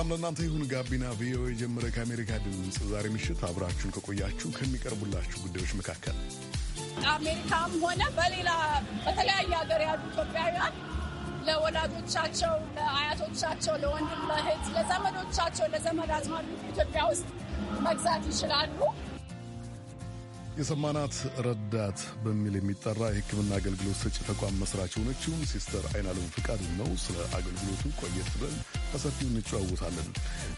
ሰላም ለእናንተ ይሁን። ጋቢና ቪኦኤ የጀመረ ከአሜሪካ ድምፅ ዛሬ ምሽት አብራችሁን ከቆያችሁ ከሚቀርቡላችሁ ጉዳዮች መካከል አሜሪካም ሆነ በሌላ በተለያየ ሀገር ያሉ ኢትዮጵያውያን ለወላጆቻቸው፣ ለአያቶቻቸው፣ ለወንድም፣ ለእህት፣ ለዘመዶቻቸው፣ ለዘመድ አዝማዱ ኢትዮጵያ ውስጥ መግዛት ይችላሉ። የሰማናት ረዳት በሚል የሚጠራ የሕክምና አገልግሎት ሰጪ ተቋም መስራች የሆነችውን ሲስተር አይናለም ፍቃድ ነው። ስለ አገልግሎቱ ቆየት ብለን በሰፊው እንጨዋወታለን።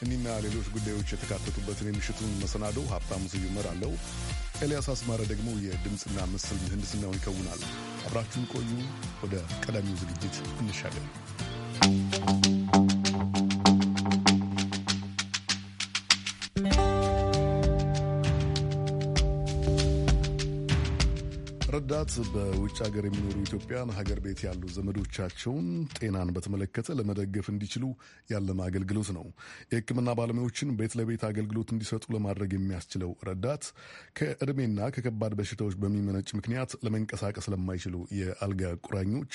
እኒና ሌሎች ጉዳዮች የተካተቱበትን የምሽቱን መሰናዶው ሀብታሙ ስዩመር አለው። ኤልያስ አስማረ ደግሞ የድምፅና ምስል ምህንድስናውን ይከውናል። አብራችሁን ቆዩ። ወደ ቀዳሚው ዝግጅት እንሻገር። ለመርዳት በውጭ ሀገር የሚኖሩ ኢትዮጵያን ሀገር ቤት ያሉ ዘመዶቻቸውን ጤናን በተመለከተ ለመደገፍ እንዲችሉ ያለመ አገልግሎት ነው። የሕክምና ባለሙያዎችን ቤት ለቤት አገልግሎት እንዲሰጡ ለማድረግ የሚያስችለው ረዳት ከእድሜና ከከባድ በሽታዎች በሚመነጭ ምክንያት ለመንቀሳቀስ ለማይችሉ የአልጋ ቁራኞች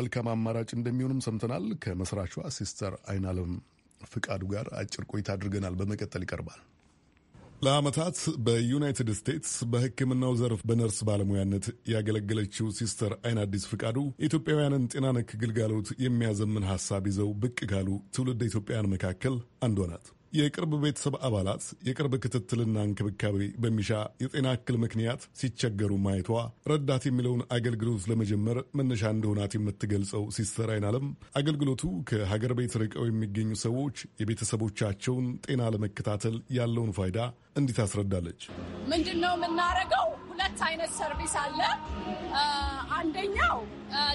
መልካም አማራጭ እንደሚሆንም ሰምተናል። ከመስራቿ ሲስተር አይናለም ፍቃዱ ጋር አጭር ቆይታ አድርገናል። በመቀጠል ይቀርባል። ለዓመታት በዩናይትድ ስቴትስ በሕክምናው ዘርፍ በነርስ ባለሙያነት ያገለገለችው ሲስተር አይን አዲስ ፍቃዱ ኢትዮጵያውያንን ጤና ነክ ግልጋሎት የሚያዘምን ሐሳብ ይዘው ብቅ ካሉ ትውልድ ኢትዮጵያውያን መካከል አንዷ ናት። የቅርብ ቤተሰብ አባላት የቅርብ ክትትልና እንክብካቤ በሚሻ የጤና እክል ምክንያት ሲቸገሩ ማየቷ ረዳት የሚለውን አገልግሎት ለመጀመር መነሻ እንደሆናት የምትገልጸው ሲስተር አይናለም አገልግሎቱ ከሀገር ቤት ርቀው የሚገኙ ሰዎች የቤተሰቦቻቸውን ጤና ለመከታተል ያለውን ፋይዳ እንዲህ ታስረዳለች። ምንድን ነው የምናደርገው? ሁለት አይነት ሰርቪስ አለ። አንደኛው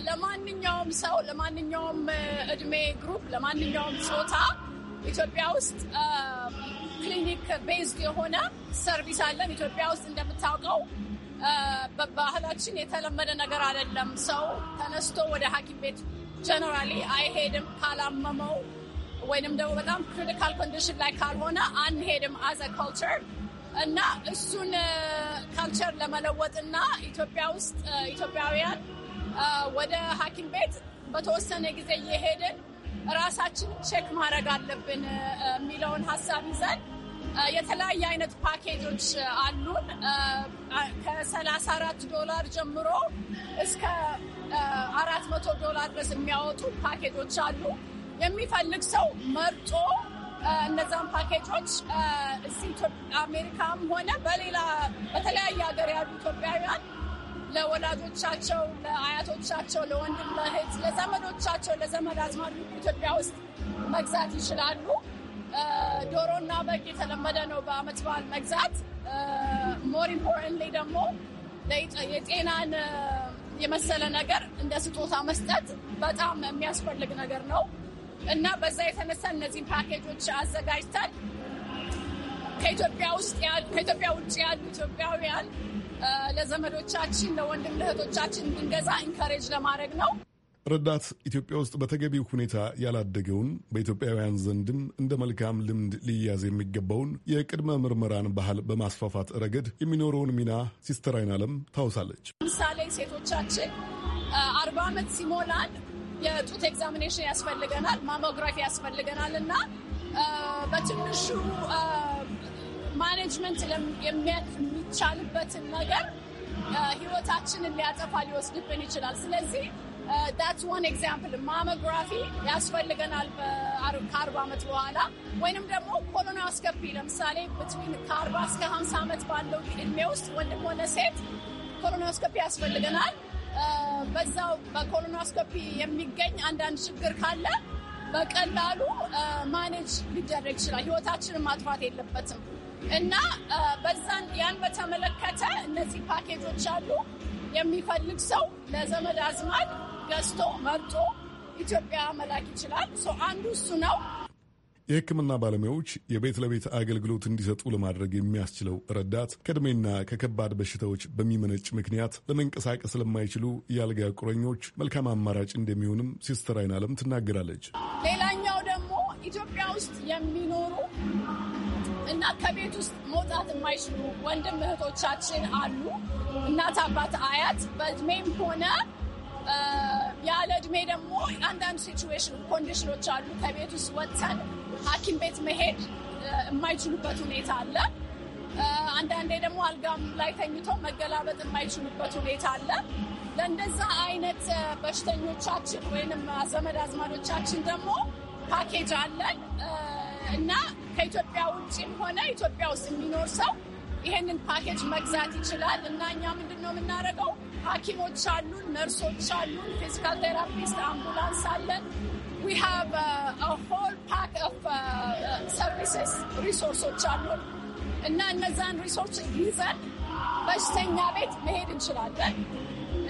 ለማንኛውም ሰው ለማንኛውም እድሜ ግሩፕ ለማንኛውም ጾታ ኢትዮጵያ ውስጥ ክሊኒክ ቤዝድ የሆነ ሰርቪስ አለን። ኢትዮጵያ ውስጥ እንደምታውቀው በባህላችን የተለመደ ነገር አይደለም። ሰው ተነስቶ ወደ ሐኪም ቤት ጀነራሊ አይሄድም። ካላመመው ወይንም ደግሞ በጣም ክሪቲካል ኮንዲሽን ላይ ካልሆነ አንሄድም አዘ ካልቸር እና እሱን ካልቸር ለመለወጥና ኢትዮጵያ ውስጥ ኢትዮጵያውያን ወደ ሐኪም ቤት በተወሰነ ጊዜ እየሄድን ራሳችን ቼክ ማድረግ አለብን የሚለውን ሀሳብ ይዘን የተለያየ አይነት ፓኬጆች አሉን። ከሰላሳ አራት ዶላር ጀምሮ እስከ አራት መቶ ዶላር ድረስ የሚያወጡ ፓኬጆች አሉ። የሚፈልግ ሰው መርጦ እነዛን ፓኬጆች እዚህ አሜሪካም ሆነ በሌላ በተለያየ ሀገር ያሉ ኢትዮጵያውያን ለወላጆቻቸው፣ ለአያቶቻቸው፣ ለወንድም፣ ለእህት፣ ለዘመዶቻቸው፣ ለዘመድ አዝማድ ኢትዮጵያ ውስጥ መግዛት ይችላሉ። ዶሮና በግ የተለመደ ነው በአመት በዓል መግዛት። ሞር ኢምፖርታንትሊ ደግሞ የጤናን የመሰለ ነገር እንደ ስጦታ መስጠት በጣም የሚያስፈልግ ነገር ነው እና በዛ የተነሳ እነዚህን ፓኬጆች አዘጋጅተን ከኢትዮጵያ ውጭ ያሉ ኢትዮጵያውያን ለዘመዶቻችን፣ ለወንድም ለእህቶቻችን እንድንገዛ ኢንካሬጅ ለማድረግ ነው። ረዳት ኢትዮጵያ ውስጥ በተገቢው ሁኔታ ያላደገውን በኢትዮጵያውያን ዘንድም እንደ መልካም ልምድ ሊያዝ የሚገባውን የቅድመ ምርመራን ባህል በማስፋፋት ረገድ የሚኖረውን ሚና ሲስተር አይናለም ታውሳለች። ለምሳሌ ሴቶቻችን አርባ ዓመት ሲሞላን የጡት ኤግዛሚኔሽን ያስፈልገናል፣ ማሞግራፊ ያስፈልገናል እና በትንሹ ማኔጅመንት የሚቻልበትን ነገር ህይወታችንን ሊያጠፋ ሊወስድብን ይችላል። ስለዚህ ዳት ዋን ኤግዛምፕል ማሞግራፊ ያስፈልገናል ከአርባ ዓመት በኋላ ወይንም ደግሞ ኮሎና አስከፊ ለምሳሌ ብትዊን ከአርባ እስከ ሀምሳ ዓመት ባለው እድሜ ውስጥ ወንድም ሆነ ሴት ኮሎና አስከፊ ያስፈልገናል። በዛው በኮሎኖስኮፒ የሚገኝ አንዳንድ ችግር ካለ በቀላሉ ማኔጅ ሊደረግ ይችላል። ህይወታችንን ማጥፋት የለበትም። እና በዛን ያን በተመለከተ እነዚህ ፓኬጆች አሉ። የሚፈልግ ሰው ለዘመድ አዝማድ ገዝቶ መርጦ ኢትዮጵያ መላክ ይችላል። አንዱ እሱ ነው። የሕክምና ባለሙያዎች የቤት ለቤት አገልግሎት እንዲሰጡ ለማድረግ የሚያስችለው ረዳት ከእድሜና ከከባድ በሽታዎች በሚመነጭ ምክንያት ለመንቀሳቀስ ለማይችሉ የአልጋ ቁረኞች መልካም አማራጭ እንደሚሆንም ሲስተር አይናለም ትናገራለች። ሌላኛው ደግሞ ኢትዮጵያ ውስጥ የሚኖሩ እና ከቤት ውስጥ መውጣት የማይችሉ ወንድም እህቶቻችን አሉ። እናት፣ አባት፣ አያት በእድሜም ሆነ ያለ እድሜ ደግሞ አንዳንድ ሲቹዌሽን ኮንዲሽኖች አሉ። ከቤት ውስጥ ወጥተን ሐኪም ቤት መሄድ የማይችሉበት ሁኔታ አለ። አንዳንዴ ደግሞ አልጋም ላይ ተኝቶ መገላበጥ የማይችሉበት ሁኔታ አለ። ለእንደዛ አይነት በሽተኞቻችን ወይንም ዘመድ አዝማዶቻችን ደግሞ ፓኬጅ አለን። እና ከኢትዮጵያ ውጭም ሆነ ኢትዮጵያ ውስጥ የሚኖር ሰው ይሄንን ፓኬጅ መግዛት ይችላል። እና እኛ ምንድን ነው የምናደርገው? ሐኪሞች አሉን፣ ነርሶች አሉን፣ ፊዚካል ቴራፒስት፣ አምቡላንስ አለን። ዊ ሃቭ ሆል ፓክ ኦፍ ሰርቪስስ ሪሶርሶች አሉን እና እነዛን ሪሶርስ ይዘን በሽተኛ ቤት መሄድ እንችላለን።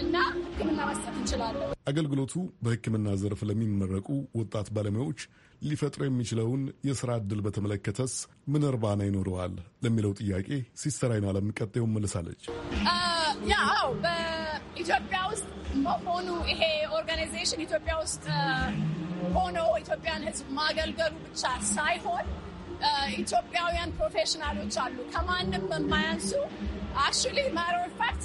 እና ህክምና መስጠት እንችላለን። አገልግሎቱ በህክምና ዘርፍ ለሚመረቁ ወጣት ባለሙያዎች ሊፈጥሩ የሚችለውን የስራ ዕድል በተመለከተስ ምን እርባና ይኖረዋል ለሚለው ጥያቄ ሲስተር አይን አለም ቀጣዩን መልሳለች። ያው በኢትዮጵያ ውስጥ ሆኑ ይሄ ኦርጋናይዜሽን ኢትዮጵያ ውስጥ ሆኖ ኢትዮጵያን ህዝብ ማገልገሉ ብቻ ሳይሆን ኢትዮጵያውያን ፕሮፌሽናሎች አሉ ከማንም የማያንሱ አክቹዋሊ ማተር ፋክት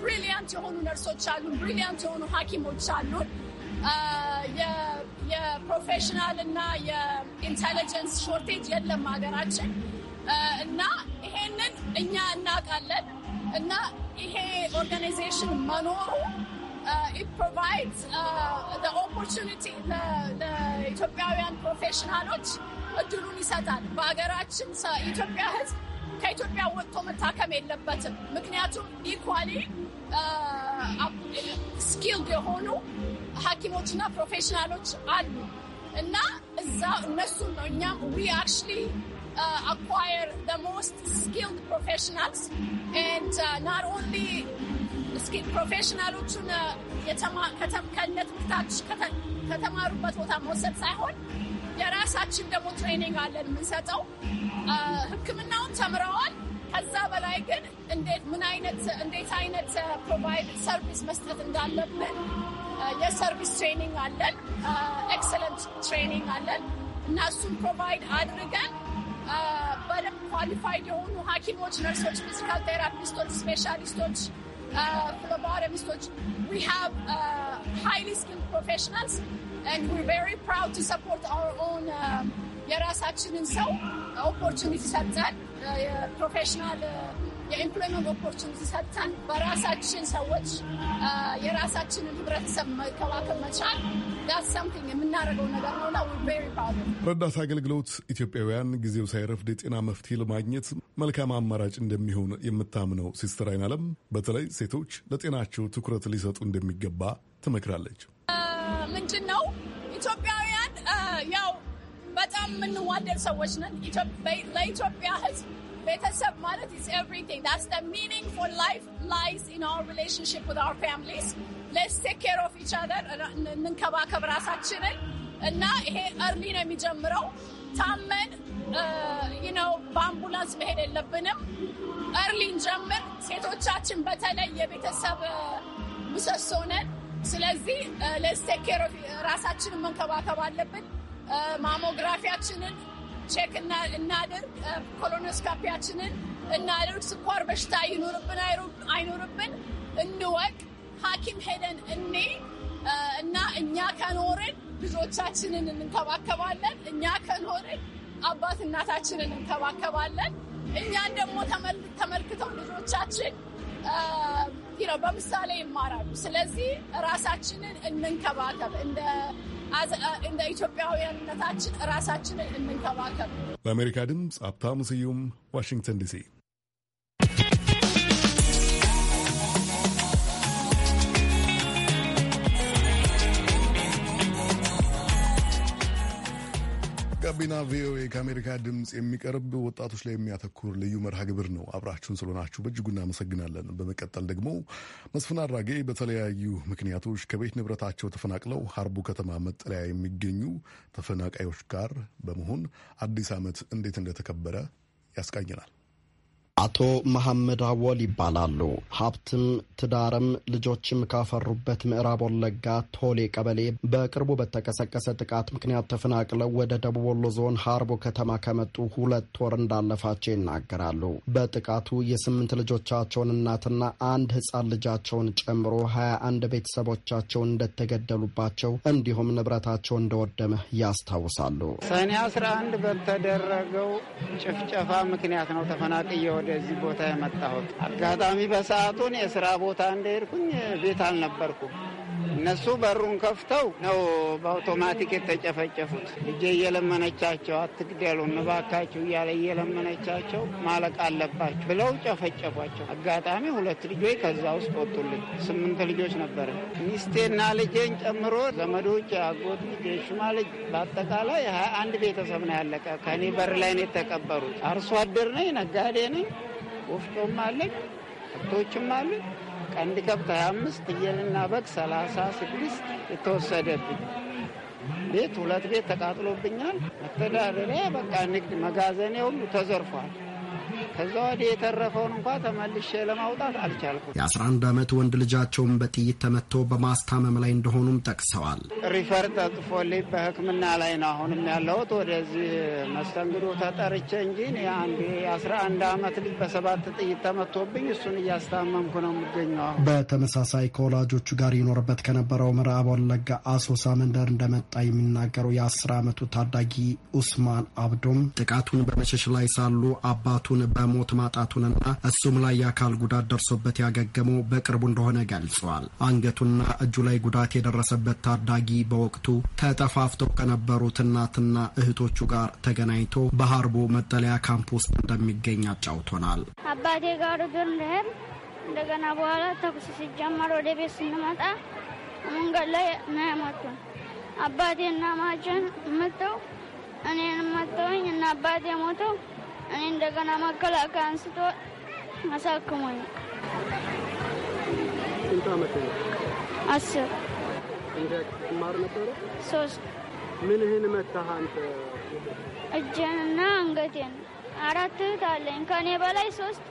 ብሪሊያንት የሆኑ ነርሶች አሉ፣ ብሪሊያንት የሆኑ ሐኪሞች አሉ። የፕሮፌሽናል እና የኢንቴሊጀንስ ሾርቴጅ የለም ሀገራችን እና ይሄንን እኛ እናውቃለን እና ይሄ ኦርጋናይዜሽን መኖሩ ኢፕሮቫይድ ኦፖርቹኒቲ ለኢትዮጵያውያን ፕሮፌሽናሎች እድሉን ይሰጣል። በሀገራችን ኢትዮጵያ ህዝብ ከኢትዮጵያ ወጥቶ መታከም የለበትም። ምክንያቱም ኢኳሊ ስኪልድ የሆኑ ሐኪሞችና ፕሮፌሽናሎች አሉ እና እዛ እነሱን ነው እኛም ዊ አክቹዋሊ አኳየር ዘ ሞስት ስኪልድ ፕሮፌሽናልስ ኤንድ ናት ኦንሊ ስኪል proፌሽናሎቹን ከተማሩበት ቦታ መውሰድ ሳይሆን የራሳችን ደግሞ ትሬኒንግ አለን የምንሰጠው። ህክምናውን ተምረዋል። ከዛ በላይ ግን እንዴት ምን አይነት እንዴት አይነት ፕሮቫይድ ሰርቪስ መስጠት እንዳለብን የሰርቪስ ትሬኒንግ አለን። ኤክሰለንት ትሬኒንግ አለን እና እሱን ፕሮቫይድ አድርገን በደንብ ኳሊፋይድ የሆኑ ሐኪሞች፣ ነርሶች፣ ፊዚካል ቴራፒስቶች፣ ስፔሻሊስቶች፣ ፍሎባረሚስቶች ዊ ሃይሊ ስኪልድ ፕሮፌሽናልስ የራሳችንን ሰው ኦፖርቹኒቲ ሰጥተን የፕሮፌሽናል የኢምፕሎይመንት ኦፖርቹኒቲ ሰጥተን በራሳችን ሰዎች የራሳችንን ህብረተሰብ መከባከብ መቻል ረዳት አገልግሎት ኢትዮጵያውያን ጊዜው ሳይረፍድ የጤና መፍትሄ ለማግኘት መልካም አማራጭ እንደሚሆን የምታምነው ሲስተር አይናለም በተለይ ሴቶች ለጤናቸው ትኩረት ሊሰጡ እንደሚገባ ትመክራለች። ምንድን ነው ኢትዮጵያውያን ያው በጣም የምንዋደድ ሰዎች ነን። ለኢትዮጵያ ሕዝብ ቤተሰብ ማለት ኢትስ ኤቭሪቲንግ ዳትስ ዘ ሚኒንግ ፎር ላይፍ ላይስ ኢን አወር ሪሌሽንሺፕ ዊዝ አወር ፋሚሊስ ሌትስ ቴክ ኬር ኦፍ ኢች አደር እንንከባከብ ራሳችንን እና ይሄ እርሊ ነው የሚጀምረው። ታመን ነው በአምቡላንስ መሄድ የለብንም። እርሊን ጀምር። ሴቶቻችን በተለይ የቤተሰብ ምሰሶ ነን። ስለዚህ ለስቴኬር uh, uh, ራሳችንን መንከባከብ አለብን። uh, ማሞግራፊያችንን ቼክ እናድርግ፣ ኮሎኖስካፒያችንን እናድርግ። ስኳር በሽታ ይኑርብን አይኑርብን እንወቅ። ሐኪም ሄደን እኔ እና እኛ ከኖርን ልጆቻችንን እንንከባከባለን። እኛ ከኖርን አባት እናታችንን እንከባከባለን። እኛን ደግሞ ተመልክተው ልጆቻችን Um, በምሳሌ ይማራሉ። ስለዚህ ራሳችንን እንንከባከብ እንደ uh, እንደ ኢትዮጵያውያንነታችን ራሳችንን እንንከባከብ። ለአሜሪካ ድምፅ ሀብታሙ ስዩም ዋሽንግተን ዲሲ። ጋቢና ቪኦኤ ከአሜሪካ ድምፅ የሚቀርብ ወጣቶች ላይ የሚያተኩር ልዩ መርሃ ግብር ነው። አብራችሁን ስለሆናችሁ በእጅጉ እናመሰግናለን። በመቀጠል ደግሞ መስፍን አድራጌ በተለያዩ ምክንያቶች ከቤት ንብረታቸው ተፈናቅለው ሀርቡ ከተማ መጠለያ የሚገኙ ተፈናቃዮች ጋር በመሆን አዲስ ዓመት እንዴት እንደተከበረ ያስቃኝናል። አቶ መሐመድ አወል ይባላሉ። ሀብትም ትዳርም ልጆችም ካፈሩበት ምዕራብ ወለጋ ቶሌ ቀበሌ በቅርቡ በተቀሰቀሰ ጥቃት ምክንያት ተፈናቅለው ወደ ደቡብ ወሎ ዞን ሀርቦ ከተማ ከመጡ ሁለት ወር እንዳለፋቸው ይናገራሉ። በጥቃቱ የስምንት ልጆቻቸውን እናትና አንድ ህጻን ልጃቸውን ጨምሮ ሀያ አንድ ቤተሰቦቻቸው እንደተገደሉባቸው እንዲሁም ንብረታቸው እንደወደመ ያስታውሳሉ። ሰኔ አስራ አንድ በተደረገው ጭፍጨፋ ምክንያት ነው ተፈናቅየ ወደ ወደዚህ ቦታ የመጣሁት። አጋጣሚ በሰዓቱን የስራ ቦታ እንደሄድኩኝ ቤት አልነበርኩም። እነሱ በሩን ከፍተው ነው በአውቶማቲክ የተጨፈጨፉት። ልጄ እየለመነቻቸው አትግደሉ እባካችሁ እያለ እየለመነቻቸው ማለቅ አለባቸው ብለው ጨፈጨፏቸው። አጋጣሚ ሁለት ልጆች ከዛ ውስጥ ወጡልን። ስምንት ልጆች ነበረ። ሚስቴና ልጄን ጨምሮ ዘመዶች፣ አጎት ልጅ፣ የሹማ ልጅ በአጠቃላይ ሀያ አንድ ቤተሰብ ነው ያለቀ። ከኔ በር ላይ ነው የተቀበሩት። አርሶ አደር ነኝ፣ ነጋዴ ነኝ፣ ወፍጮም አለኝ፣ ከብቶችም አለኝ። ቀንድ ከብት 25 ፍየልና በግ 36 የተወሰደብኝ ቤት ሁለት ቤት ተቃጥሎብኛል። መተዳደሪያ በቃ ንግድ መጋዘኔ ሁሉ ተዘርፏል። ከዛ ወዲህ የተረፈውን እንኳ ተመልሼ ለማውጣት አልቻልኩም። የ11 ዓመት ወንድ ልጃቸውን በጥይት ተመቶ በማስታመም ላይ እንደሆኑም ጠቅሰዋል። ሪፈር ተጽፎልኝ በሕክምና ላይ ነው አሁንም ያለሁት። ወደዚህ መስተንግዶ ተጠርቼ እንጂ አንድ የ11 ዓመት ልጅ በሰባት ጥይት ተመቶብኝ እሱን እያስታመምኩ ነው የምገኘው። በተመሳሳይ ከወላጆቹ ጋር ይኖርበት ከነበረው ምዕራብ ወለጋ አሶሳ መንደር እንደመጣ የሚናገረው የ10 ዓመቱ ታዳጊ ኡስማን አብዶም ጥቃቱን በመሸሽ ላይ ሳሉ አባቱን በ ሞት ማጣቱንና እሱም ላይ የአካል ጉዳት ደርሶበት ያገገመው በቅርቡ እንደሆነ ገልጿል። አንገቱና እጁ ላይ ጉዳት የደረሰበት ታዳጊ በወቅቱ ተጠፋፍተው ከነበሩት እናትና እህቶቹ ጋር ተገናኝቶ በሀርቦ መጠለያ ካምፕ ውስጥ እንደሚገኝ አጫውቶናል። አባቴ ጋር ግን እንደገና በኋላ ተኩስ ሲጀመር ወደ ቤት ስንመጣ መንገድ ላይ ነው የመቱን። አባቴና ማችን ምተው እኔን መተውኝ እና አባቴ ሞተው እኔ እንደገና መከላከያ አንስቶ አሳክሞኝ። ስንት አመት ነው? አስር ማር ነበረ። ሶስት ምንህን መታህ አንተ? እጄንና አንገቴን። አራት እህት አለኝ ከእኔ በላይ ሶስት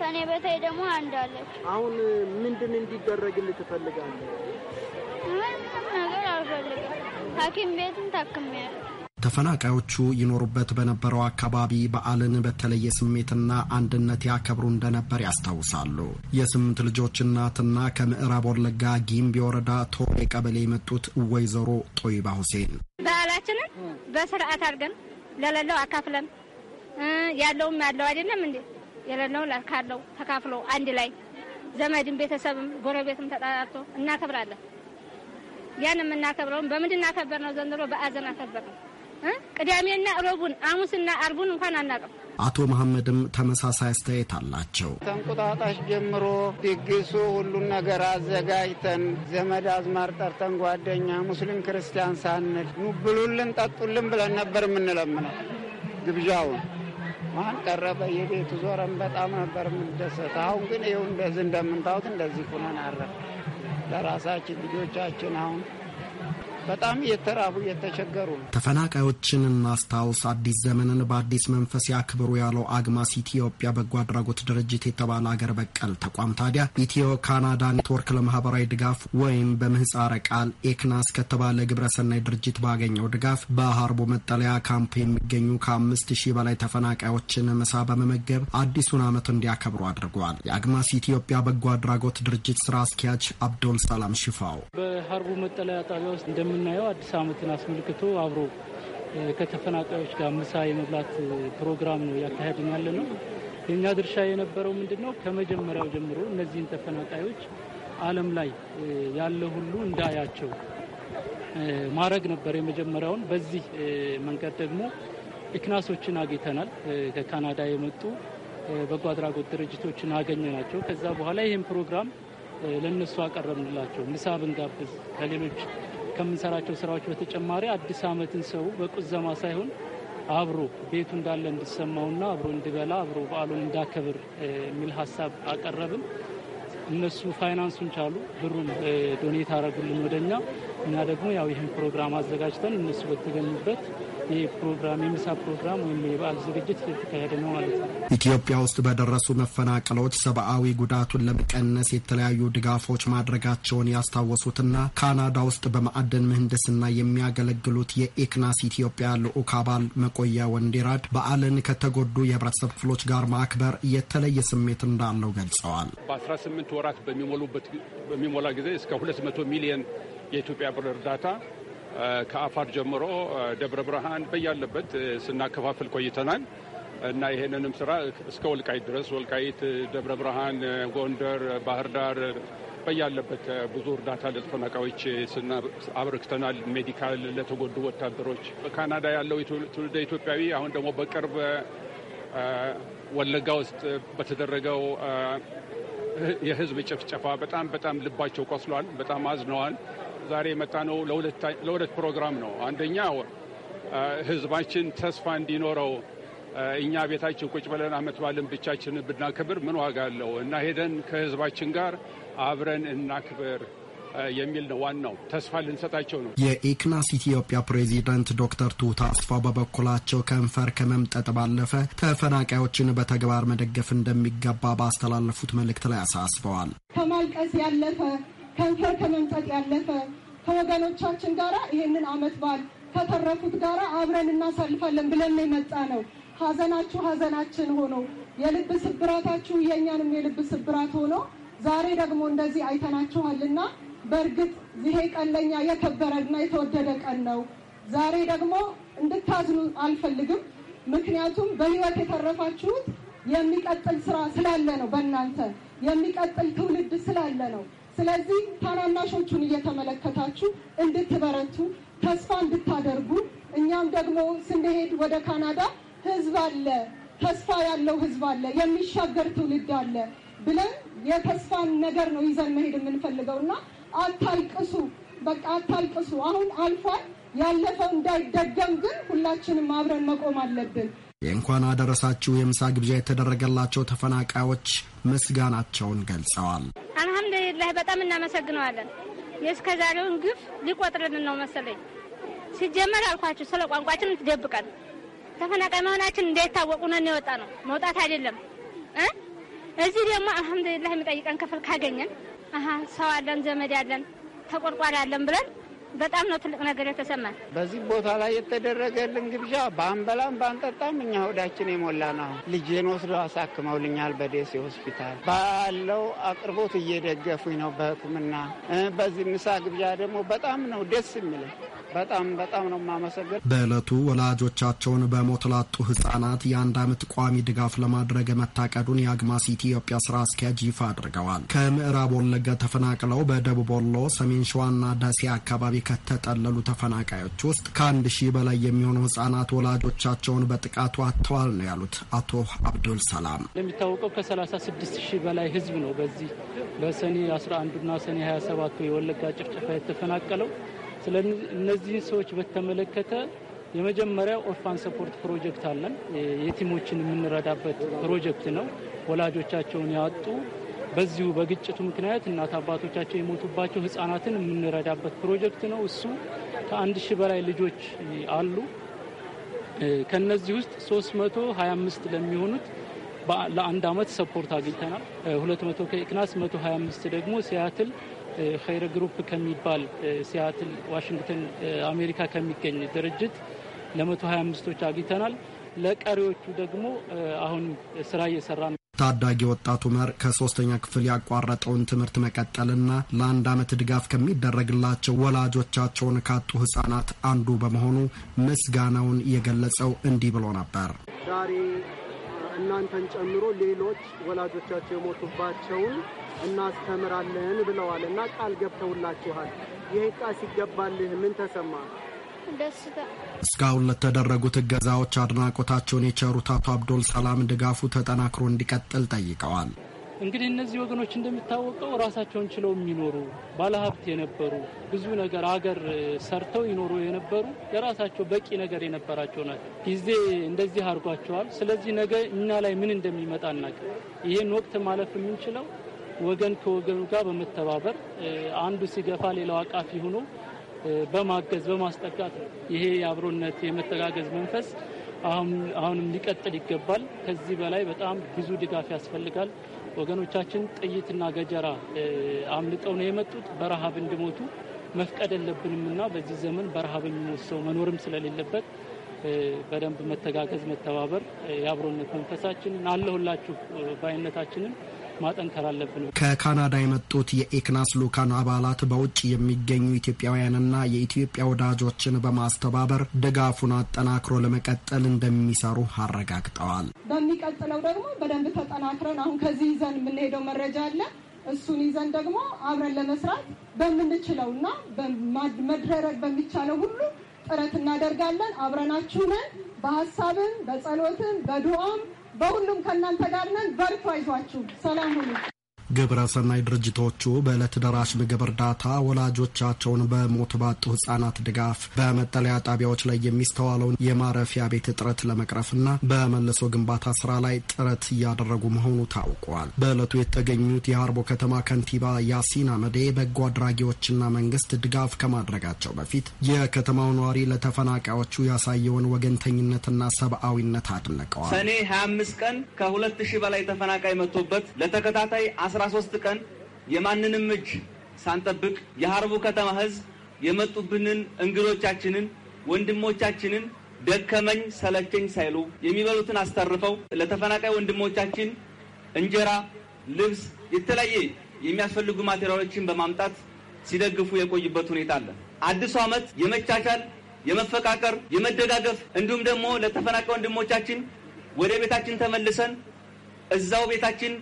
ከኔ በታይ ደግሞ አንድ አለች። አሁን ምንድን እንዲደረግልህ ትፈልጋለህ? ምንም ነገር አልፈልግም። ሐኪም ቤትም ታክሜያለሁ። ተፈናቃዮቹ ይኖሩበት በነበረው አካባቢ በዓልን በተለየ ስሜትና አንድነት ያከብሩ እንደነበር ያስታውሳሉ። የስምንት ልጆች እናትና ከምዕራብ ወለጋ ጊምቢ ወረዳ ቶሬ ቀበሌ የመጡት ወይዘሮ ጦይባ ሁሴን ።በዓላችንን በስርዓት አድርገን ለሌለው አካፍለን ያለውም ያለው አይደለም እንዴ የሌለው ካለው ተካፍሎ አንድ ላይ ዘመድም ቤተሰብም ጎረቤትም ተጠራርቶ እናከብራለን። ያን የምናከብረውን በምንድን እናከበር ነው? ዘንድሮ በአዘን አከበር ነው። ቅዳሜና ሮቡን ሐሙስና አርቡን እንኳን አናውቅም። አቶ መሐመድም ተመሳሳይ አስተያየት አላቸው። ተንቁጣጣሽ ጀምሮ ድግሱ ሁሉን ነገር አዘጋጅተን ዘመድ አዝማር ጠርተን ጓደኛ ሙስሊም ክርስቲያን ሳንል ኑ ብሉልን ጠጡልን ብለን ነበር የምንለምነው። ግብዣውን ማን ቀረበ የቤቱ ዞረን በጣም ነበር የምንደሰት። አሁን ግን ይኸው እንደዚህ እንደምንታወት እንደዚህ ሁነን አረፍ ለራሳችን ልጆቻችን አሁን በጣም የተራቡ የተቸገሩ ነው። ተፈናቃዮችን እናስታውስ፣ አዲስ ዘመንን በአዲስ መንፈስ ያክብሩ ያለው አግማስ ኢትዮጵያ በጎ አድራጎት ድርጅት የተባለ አገር በቀል ተቋም ታዲያ ኢትዮ ካናዳ ኔትወርክ ለማህበራዊ ድጋፍ ወይም በምህፃረ ቃል ኤክናስ ከተባለ ግብረሰናይ ድርጅት ባገኘው ድጋፍ በሀርቦ መጠለያ ካምፕ የሚገኙ ከአምስት ሺህ በላይ ተፈናቃዮችን ምሳ በመመገብ አዲሱን ዓመት እንዲያከብሩ አድርገዋል። የአግማስ ኢትዮጵያ በጎ አድራጎት ድርጅት ስራ አስኪያጅ አብዶል ሰላም ሽፋው በሀርቡ መጠለያ ጣቢያ ውስጥ የምናየው አዲስ ዓመትን አስመልክቶ አብሮ ከተፈናቃዮች ጋር ምሳ የመብላት ፕሮግራም ነው እያካሄድን ያለ ነው። የእኛ ድርሻ የነበረው ምንድን ነው? ከመጀመሪያው ጀምሮ እነዚህን ተፈናቃዮች ዓለም ላይ ያለ ሁሉ እንዳያቸው ማድረግ ነበር የመጀመሪያውን። በዚህ መንገድ ደግሞ ኢክናሶችን አግኝተናል። ከካናዳ የመጡ በጎ አድራጎት ድርጅቶችን ናቸው። ከዛ በኋላ ይህን ፕሮግራም ለእነሱ አቀረብንላቸው። ምሳ ብንጋብዝ ከሌሎች ከምንሰራቸው ስራዎች በተጨማሪ አዲስ ዓመትን ሰው በቁዘማ ሳይሆን አብሮ ቤቱ እንዳለ እንዲሰማውና አብሮ እንዲበላ አብሮ በዓሉን እንዳከብር የሚል ሀሳብ አቀረብን። እነሱ ፋይናንሱን ቻሉ፣ ብሩን ዶኔት አረጉልን ወደኛ። እና ደግሞ ያው ይህን ፕሮግራም አዘጋጅተን እነሱ በተገኙበት ይህ ፕሮግራም የምሳ ፕሮግራም ወይም የበዓል ዝግጅት እየተካሄደ ነው ማለት ነው። ኢትዮጵያ ውስጥ በደረሱ መፈናቀሎች ሰብአዊ ጉዳቱን ለመቀነስ የተለያዩ ድጋፎች ማድረጋቸውን ያስታወሱትና ካናዳ ውስጥ በማዕድን ምህንድስና የሚያገለግሉት የኤክናስ ኢትዮጵያ ልዑክ አባል መቆያ ወንዲራድ በዓልን ከተጎዱ የህብረተሰብ ክፍሎች ጋር ማክበር የተለየ ስሜት እንዳለው ገልጸዋል። በ18 ወራት በሚሞላ ጊዜ እስከ 200 ሚሊዮን የኢትዮጵያ ብር እርዳታ ከአፋር ጀምሮ ደብረ ብርሃን በያለበት ስናከፋፍል ቆይተናል እና ይህንንም ስራ እስከ ወልቃይት ድረስ ወልቃይት፣ ደብረ ብርሃን፣ ጎንደር፣ ባህር ዳር በያለበት ብዙ እርዳታ ለተፈናቃዮች አበርክተናል። ሜዲካል ለተጎዱ ወታደሮች በካናዳ ያለው ትውልደ ኢትዮጵያዊ አሁን ደግሞ በቅርብ ወለጋ ውስጥ በተደረገው የህዝብ ጭፍጨፋ በጣም በጣም ልባቸው ቆስሏል። በጣም አዝነዋል። ዛሬ የመጣ ነው ለሁለት ፕሮግራም ነው። አንደኛው ህዝባችን ተስፋ እንዲኖረው እኛ ቤታችን ቁጭ ብለን አመት ባለን ብቻችንን ብናከብር ምን ዋጋ አለው እና ሄደን ከህዝባችን ጋር አብረን እናክብር የሚል ነው። ዋናው ተስፋ ልንሰጣቸው ነው። የኤክናስ ኢትዮጵያ ፕሬዚደንት ዶክተር ቱ አስፋ በበኩላቸው ከንፈር ከመምጠጥ ባለፈ ተፈናቃዮችን በተግባር መደገፍ እንደሚገባ ባስተላለፉት መልእክት ላይ አሳስበዋል። ከማልቀስ ያለፈ ከንፈር ከመምጠጥ ያለፈ ከወገኖቻችን ጋራ ይሄንን አመት በዓል ከተረፉት ጋራ አብረን እናሳልፋለን ብለን የመጣ ነው። ሀዘናችሁ ሀዘናችን ሆኖ የልብ ስብራታችሁ የእኛንም የልብ ስብራት ሆኖ ዛሬ ደግሞ እንደዚህ አይተናችኋልና በእርግጥ ይሄ ቀን ለኛ የከበረና የተወደደ ቀን ነው። ዛሬ ደግሞ እንድታዝኑ አልፈልግም። ምክንያቱም በህይወት የተረፋችሁት የሚቀጥል ስራ ስላለ ነው። በእናንተ የሚቀጥል ትውልድ ስላለ ነው። ስለዚህ ታናናሾቹን እየተመለከታችሁ እንድትበረቱ ተስፋ እንድታደርጉ እኛም ደግሞ ስንሄድ ወደ ካናዳ ህዝብ አለ፣ ተስፋ ያለው ህዝብ አለ፣ የሚሻገር ትውልድ አለ ብለን የተስፋን ነገር ነው ይዘን መሄድ የምንፈልገው እና አታልቅሱ፣ በቃ አታልቅሱ። አሁን አልፏል። ያለፈው እንዳይደገም ግን ሁላችንም አብረን መቆም አለብን። የእንኳን አደረሳችሁ የምሳ ግብዣ የተደረገላቸው ተፈናቃዮች ምስጋናቸውን ገልጸዋል። ወላህ በጣም እናመሰግነዋለን። የእስከ ዛሬውን ግፍ ሊቆጥርልን ነው መሰለኝ። ሲጀመር አልኳችሁ ስለ ቋንቋችን ትደብቀን ተፈናቃይ መሆናችን እንዳይታወቁ ነን የወጣ ነው መውጣት አይደለም እዚህ ደግሞ አልሐምዱሊላህ የሚጠይቀን ክፍል ካገኘን ሰው አለን ዘመድ አለን ተቆርቋሪ አለን ብለን በጣም ነው ትልቅ ነገር የተሰማን። በዚህ ቦታ ላይ የተደረገልን ግብዣ በአንበላም በአንጠጣም እኛ ሆዳችን የሞላ ነው። ልጄን ወስደው አሳክመውልኛል በደሴ ሆስፒታል። ባለው አቅርቦት እየደገፉኝ ነው በሕክምና በዚህ ምሳ ግብዣ ደግሞ በጣም ነው ደስ የሚለኝ። በጣም በጣም ነው የማመሰግን። በእለቱ ወላጆቻቸውን በሞት ላጡ ህጻናት የአንድ አመት ቋሚ ድጋፍ ለማድረግ መታቀዱን የአግማስ ኢትዮጵያ ስራ አስኪያጅ ይፋ አድርገዋል። ከምዕራብ ወለገ ተፈናቅለው በደቡብ ወሎ፣ ሰሜን ሸዋና ደሴ አካባቢ ከተጠለሉ ተፈናቃዮች ውስጥ ከአንድ ሺህ በላይ የሚሆኑ ህጻናት ወላጆቻቸውን በጥቃቱ አጥተዋል ነው ያሉት አቶ አብዱል ሰላም። እንደሚታወቀው ከ36 ሺህ በላይ ህዝብ ነው በዚህ በሰኔ 11ና ሰኔ 27 የወለጋ ጭፍጨፋ የተፈናቀለው ስለ እነዚህ ሰዎች በተመለከተ የመጀመሪያው ኦርፋን ሰፖርት ፕሮጀክት አለን። የቲሞችን የምንረዳበት ፕሮጀክት ነው። ወላጆቻቸውን ያጡ በዚሁ በግጭቱ ምክንያት እናት አባቶቻቸው የሞቱባቸው ህጻናትን የምንረዳበት ፕሮጀክት ነው። እሱ ከአንድ ሺህ በላይ ልጆች አሉ። ከነዚህ ውስጥ 325 ለሚሆኑት ለአንድ አመት ሰፖርት አግኝተናል። 200 ከኢክናስ 125 ደግሞ ሲያትል ኸይረ ግሩፕ ከሚባል ሲያትል ዋሽንግተን አሜሪካ ከሚገኝ ድርጅት ለመቶ ሀያ አምስቶች አግኝተናል። ለቀሪዎቹ ደግሞ አሁን ስራ እየሰራ ነው። ታዳጊ ወጣቱ መር ከሶስተኛ ክፍል ያቋረጠውን ትምህርት መቀጠልና ለአንድ ዓመት ድጋፍ ከሚደረግላቸው ወላጆቻቸውን ካጡ ህጻናት አንዱ በመሆኑ ምስጋናውን የገለጸው እንዲህ ብሎ ነበር። እናንተን ጨምሮ ሌሎች ወላጆቻቸው የሞቱባቸውን እናስተምራለን ብለዋል እና ቃል ገብተውላችኋል። ይህ ቃል ሲገባልህ ምን ተሰማ? እስካሁን ለተደረጉት እገዛዎች አድናቆታቸውን የቸሩት አቶ አብዶል ሰላም ድጋፉ ተጠናክሮ እንዲቀጥል ጠይቀዋል። እንግዲህ እነዚህ ወገኖች እንደሚታወቀው ራሳቸውን ችለው የሚኖሩ ባለሀብት የነበሩ ብዙ ነገር አገር ሰርተው ይኖሩ የነበሩ የራሳቸው በቂ ነገር የነበራቸው ናቸው። ጊዜ እንደዚህ አድርጓቸዋል። ስለዚህ ነገ እኛ ላይ ምን እንደሚመጣ እናቅ። ይህን ወቅት ማለፍ የምንችለው ወገን ከወገኑ ጋር በመተባበር አንዱ ሲገፋ ሌላው አቃፊ ሆኖ በማገዝ በማስጠጋት ነው። ይሄ የአብሮነት የመተጋገዝ መንፈስ አሁንም ሊቀጥል ይገባል። ከዚህ በላይ በጣም ብዙ ድጋፍ ያስፈልጋል። ወገኖቻችን ጥይትና ገጀራ አምልጠው ነው የመጡት። በረሃብ እንዲሞቱ መፍቀድ የለብንም እና በዚህ ዘመን በረሃብ የሚሞት ሰው መኖርም ስለሌለበት በደንብ መተጋገዝ፣ መተባበር፣ የአብሮነት መንፈሳችንን አለሁላችሁ ባይነታችንን ማጠንከር አለብን። ከካናዳ የመጡት የኤክናስ ልኡካን አባላት በውጭ የሚገኙ ኢትዮጵያውያንና የኢትዮጵያ ወዳጆችን በማስተባበር ድጋፉን አጠናክሮ ለመቀጠል እንደሚሰሩ አረጋግጠዋል። በሚቀጥለው ደግሞ በደንብ ተጠናክረን አሁን ከዚህ ይዘን የምንሄደው መረጃ አለ እሱን ይዘን ደግሞ አብረን ለመስራት በምንችለው እና መድረግ በሚቻለው ሁሉ ጥረት እናደርጋለን። አብረናችሁ ነን። በሀሳብም፣ በጸሎትም፣ በዱዓም በሁሉም ከእናንተ ጋር ነን። በርቱ፣ አይዟችሁ። ሰላም ሁኑ። ግብረሰናይ ድርጅቶቹ በዕለት ደራሽ ምግብ እርዳታ ወላጆቻቸውን በሞት ባጡ ህጻናት ድጋፍ በመጠለያ ጣቢያዎች ላይ የሚስተዋለውን የማረፊያ ቤት እጥረት ለመቅረፍና በመልሶ ግንባታ ስራ ላይ ጥረት እያደረጉ መሆኑ ታውቋል። በዕለቱ የተገኙት የሀርቦ ከተማ ከንቲባ ያሲን አመዴ በጎ አድራጊዎችና መንግስት ድጋፍ ከማድረጋቸው በፊት የከተማው ነዋሪ ለተፈናቃዮቹ ያሳየውን ወገንተኝነትና ሰብአዊነት አድንቀዋል። ሰኔ 25 ቀን ከሁለት ሺህ በላይ ተፈናቃይ መጥቶበት ለተከታታይ 13 ቀን የማንንም እጅ ሳንጠብቅ የሐርቡ ከተማ ህዝብ የመጡብንን እንግዶቻችንን ወንድሞቻችንን ደከመኝ ሰለቸኝ ሳይሉ የሚበሉትን አስተርፈው ለተፈናቃይ ወንድሞቻችን እንጀራ፣ ልብስ፣ የተለያየ የሚያስፈልጉ ማቴሪያሎችን በማምጣት ሲደግፉ የቆዩበት ሁኔታ አለ። አዲሱ ዓመት የመቻቻል፣ የመፈቃቀር፣ የመደጋገፍ እንዲሁም ደግሞ ለተፈናቃይ ወንድሞቻችን ወደ ቤታችን ተመልሰን እዛው ቤታችን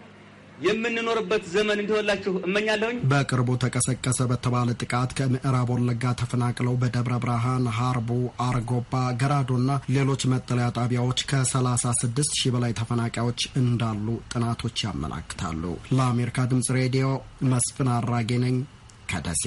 የምንኖርበት ዘመን እንዲሆንላችሁ እመኛለሁኝ። በቅርቡ ተቀሰቀሰ በተባለ ጥቃት ከምዕራብ ወለጋ ተፈናቅለው በደብረ ብርሃን፣ ሀርቡ፣ አርጎባ፣ ገራዶና ሌሎች መጠለያ ጣቢያዎች ከ36 ሺህ በላይ ተፈናቃዮች እንዳሉ ጥናቶች ያመላክታሉ። ለአሜሪካ ድምጽ ሬዲዮ መስፍን አራጌ ነኝ ከደሴ።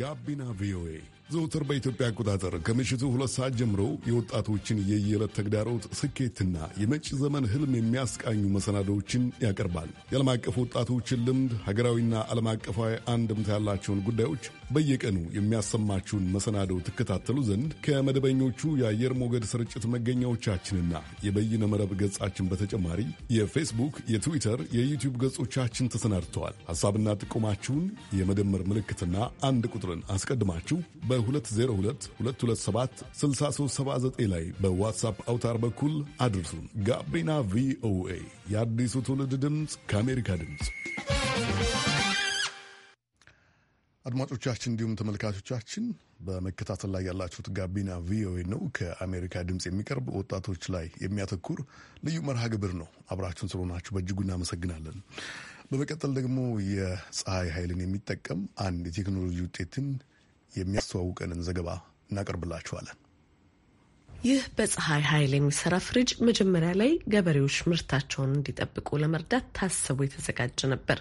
ጋቢና ቪኦኤ ዘውትር በኢትዮጵያ አቆጣጠር ከምሽቱ ሁለት ሰዓት ጀምሮ የወጣቶችን የየዕለት ተግዳሮት ስኬትና የመጪ ዘመን ህልም የሚያስቃኙ መሰናዶዎችን ያቀርባል። የዓለም አቀፍ ወጣቶችን ልምድ፣ ሀገራዊና ዓለም አቀፋዊ አንድምታ ያላቸውን ጉዳዮች በየቀኑ የሚያሰማችሁን መሰናዶው ትከታተሉ ዘንድ ከመደበኞቹ የአየር ሞገድ ስርጭት መገኛዎቻችንና የበይነ መረብ ገጻችን በተጨማሪ የፌስቡክ፣ የትዊተር፣ የዩቲዩብ ገጾቻችን ተሰናድተዋል። ሐሳብና ጥቆማችሁን የመደመር ምልክትና አንድ ቁጥርን አስቀድማችሁ በ202227 6379 ላይ በዋትሳፕ አውታር በኩል አድርሱን። ጋቢና ቪኦኤ የአዲሱ ትውልድ ድምፅ ከአሜሪካ ድምፅ አድማጮቻችን እንዲሁም ተመልካቾቻችን በመከታተል ላይ ያላችሁት ጋቢና ቪኦኤ ነው። ከአሜሪካ ድምፅ የሚቀርብ ወጣቶች ላይ የሚያተኩር ልዩ መርሃ ግብር ነው። አብራችሁን ስለሆናችሁ በእጅጉ እናመሰግናለን። በመቀጠል ደግሞ የፀሐይ ኃይልን የሚጠቀም አንድ የቴክኖሎጂ ውጤትን የሚያስተዋውቀንን ዘገባ እናቀርብላችኋለን። ይህ በፀሐይ ኃይል የሚሰራ ፍሪጅ መጀመሪያ ላይ ገበሬዎች ምርታቸውን እንዲጠብቁ ለመርዳት ታስቦ የተዘጋጀ ነበር።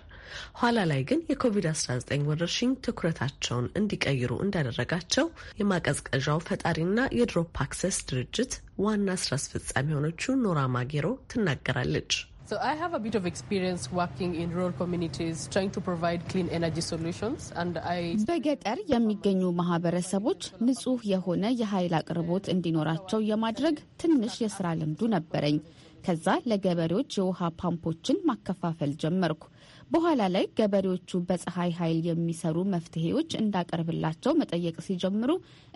ኋላ ላይ ግን የኮቪድ-19 ወረርሽኝ ትኩረታቸውን እንዲቀይሩ እንዳደረጋቸው የማቀዝቀዣው ፈጣሪና የድሮፕ አክሰስ ድርጅት ዋና ስራ አስፈጻሚ የሆነችው ኖራ ማጌሮ ትናገራለች። So I have a bit of experience working in rural communities trying to provide clean energy solutions and I በገጠር የሚገኙ ማህበረሰቦች ንጹህ የሆነ የኃይል አቅርቦት እንዲኖራቸው የማድረግ ትንሽ የስራ ልምዱ ነበረኝ። ከዛ ለገበሬዎች የውሃ ፓምፖችን ማከፋፈል ጀመርኩ። በኋላ ላይ ገበሬዎቹ በፀሐይ ኃይል የሚሰሩ መፍትሄዎች እንዳቀርብላቸው መጠየቅ ሲጀምሩ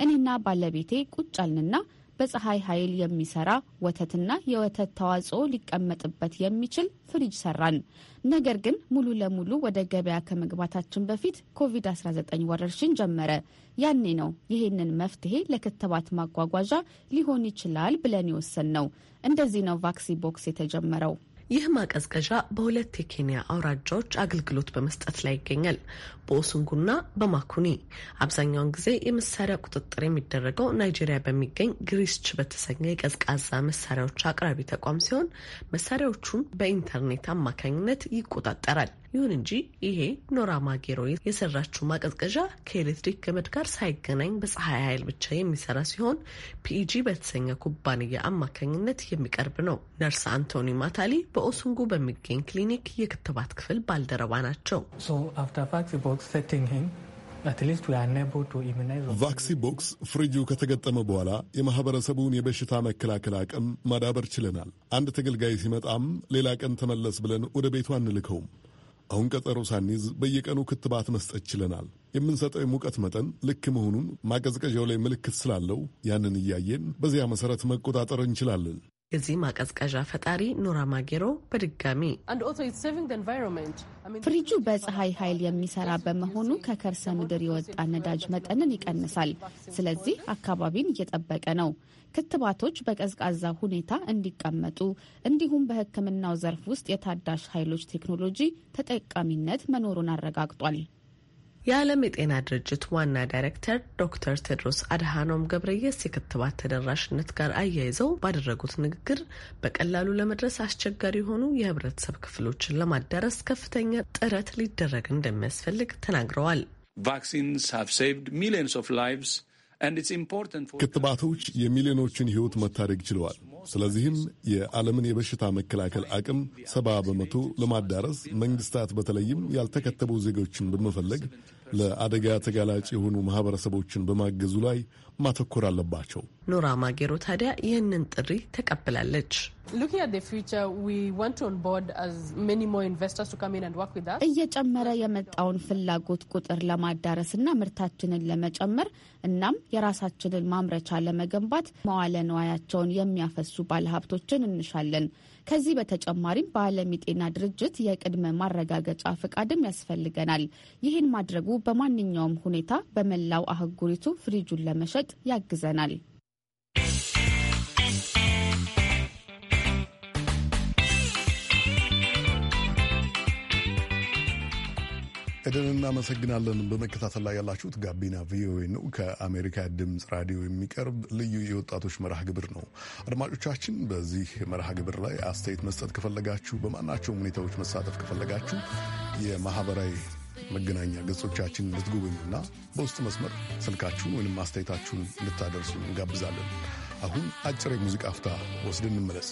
እኔና ባለቤቴ ቁጭ አልንና በፀሐይ ኃይል የሚሰራ ወተትና የወተት ተዋጽኦ ሊቀመጥበት የሚችል ፍሪጅ ሰራን። ነገር ግን ሙሉ ለሙሉ ወደ ገበያ ከመግባታችን በፊት ኮቪድ-19 ወረርሽኝ ጀመረ። ያኔ ነው ይህንን መፍትሄ ለክትባት ማጓጓዣ ሊሆን ይችላል ብለን የወሰን ነው። እንደዚህ ነው ቫክሲ ቦክስ የተጀመረው። ይህ ማቀዝቀዣ በሁለት የኬንያ አውራጃዎች አገልግሎት በመስጠት ላይ ይገኛል። በኦሱንጉና በማኩኒ። አብዛኛውን ጊዜ የመሳሪያ ቁጥጥር የሚደረገው ናይጄሪያ በሚገኝ ግሪስች በተሰኘ የቀዝቃዛ መሳሪያዎች አቅራቢ ተቋም ሲሆን መሳሪያዎቹን በኢንተርኔት አማካኝነት ይቆጣጠራል። ይሁን እንጂ ይሄ ኖራ ማጌሮ የሰራችው ማቀዝቀዣ ከኤሌክትሪክ ገመድ ጋር ሳይገናኝ በፀሐይ ኃይል ብቻ የሚሰራ ሲሆን ፒኢጂ በተሰኘ ኩባንያ አማካኝነት የሚቀርብ ነው። ነርስ አንቶኒ ማታሊ በኦሱንጉ በሚገኝ ክሊኒክ የክትባት ክፍል ባልደረባ ናቸው። ቫክሲ ቦክስ ፍሪጁ ከተገጠመ በኋላ የማህበረሰቡን የበሽታ መከላከል አቅም ማዳበር ችለናል። አንድ ተገልጋይ ሲመጣም ሌላ ቀን ተመለስ ብለን ወደ ቤቱ አንልከውም። አሁን ቀጠሮ ሳንይዝ በየቀኑ ክትባት መስጠት ችለናል። የምንሰጠው የሙቀት መጠን ልክ መሆኑን ማቀዝቀዣው ላይ ምልክት ስላለው ያንን እያየን በዚያ መሰረት መቆጣጠር እንችላለን። የዚህ ማቀዝቀዣ ፈጣሪ ኖራ ማጌሮ በድጋሚ ፍሪጁ በፀሐይ ኃይል የሚሰራ በመሆኑ ከከርሰ ምድር የወጣ ነዳጅ መጠንን ይቀንሳል። ስለዚህ አካባቢን እየጠበቀ ነው። ክትባቶች በቀዝቃዛ ሁኔታ እንዲቀመጡ እንዲሁም በሕክምናው ዘርፍ ውስጥ የታዳሽ ኃይሎች ቴክኖሎጂ ተጠቃሚነት መኖሩን አረጋግጧል። የዓለም የጤና ድርጅት ዋና ዳይሬክተር ዶክተር ቴድሮስ አድሃኖም ገብረየስ የክትባት ተደራሽነት ጋር አያይዘው ባደረጉት ንግግር በቀላሉ ለመድረስ አስቸጋሪ የሆኑ የህብረተሰብ ክፍሎችን ለማዳረስ ከፍተኛ ጥረት ሊደረግ እንደሚያስፈልግ ተናግረዋል። ክትባቶች የሚሊዮኖችን ህይወት መታደግ ችለዋል። ስለዚህም የዓለምን የበሽታ መከላከል አቅም ሰባ በመቶ ለማዳረስ መንግስታት በተለይም ያልተከተቡ ዜጎችን በመፈለግ ለአደጋ ተጋላጭ የሆኑ ማህበረሰቦችን በማገዙ ላይ ማተኮር አለባቸው። ኖራ ማጌሮ ታዲያ ይህንን ጥሪ ተቀብላለች። እየጨመረ የመጣውን ፍላጎት ቁጥር ለማዳረስና ምርታችንን ለመጨመር እናም የራሳችንን ማምረቻ ለመገንባት መዋለ ንዋያቸውን የሚያፈሱ ባለሀብቶችን እንሻለን። ከዚህ በተጨማሪም በዓለም የጤና ድርጅት የቅድመ ማረጋገጫ ፈቃድም ያስፈልገናል። ይህን ማድረጉ በማንኛውም ሁኔታ በመላው አህጉሪቱ ፍሪጁን ለመሸጥ ያግዘናል። ኤደን እናመሰግናለን። በመከታተል ላይ ያላችሁት ጋቢና ቪኦኤ ነው፣ ከአሜሪካ ድምፅ ራዲዮ የሚቀርብ ልዩ የወጣቶች መርሃ ግብር ነው። አድማጮቻችን፣ በዚህ መርሃ ግብር ላይ አስተያየት መስጠት ከፈለጋችሁ፣ በማናቸውም ሁኔታዎች መሳተፍ ከፈለጋችሁ የማህበራዊ መገናኛ ገጾቻችን ልትጎበኙና በውስጥ መስመር ስልካችሁን ወይም አስተያየታችሁን እንድታደርሱ እንጋብዛለን። አሁን አጭር የሙዚቃ አፍታ ወስደን እንመለስ።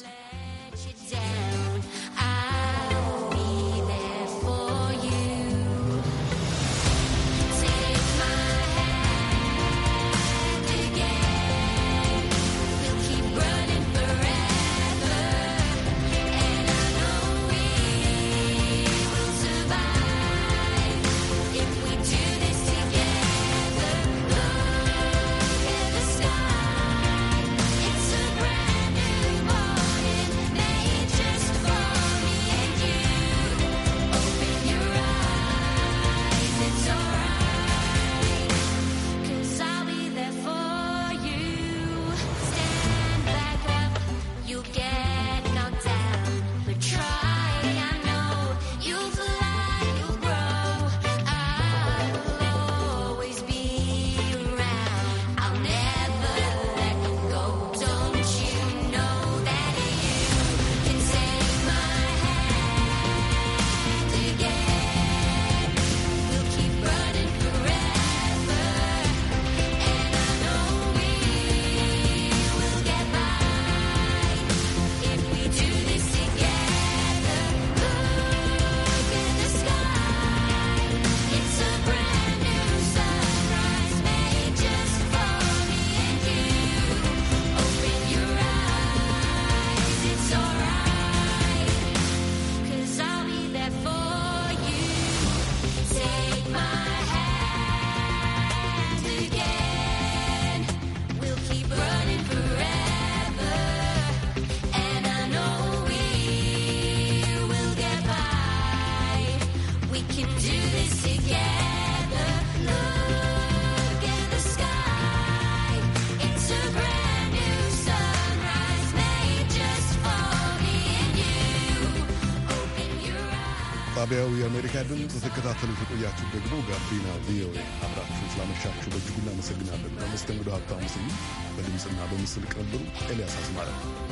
ጣቢያው የአሜሪካ ድምፅ ተከታተሉ። የቆያችሁ ደግሞ ጋቢና ቪኦኤ አብራችሁ ስላመሻችሁ በእጅጉ እናመሰግናለን። በመስተንግዶ ሀብታሙ ምስል በድምፅና በምስል ቅንብሩ ኤልያስ አስማረ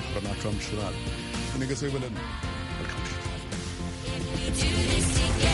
አብረናችሁ አምሽተናል። ነገ ሰው ይበለን። መልካም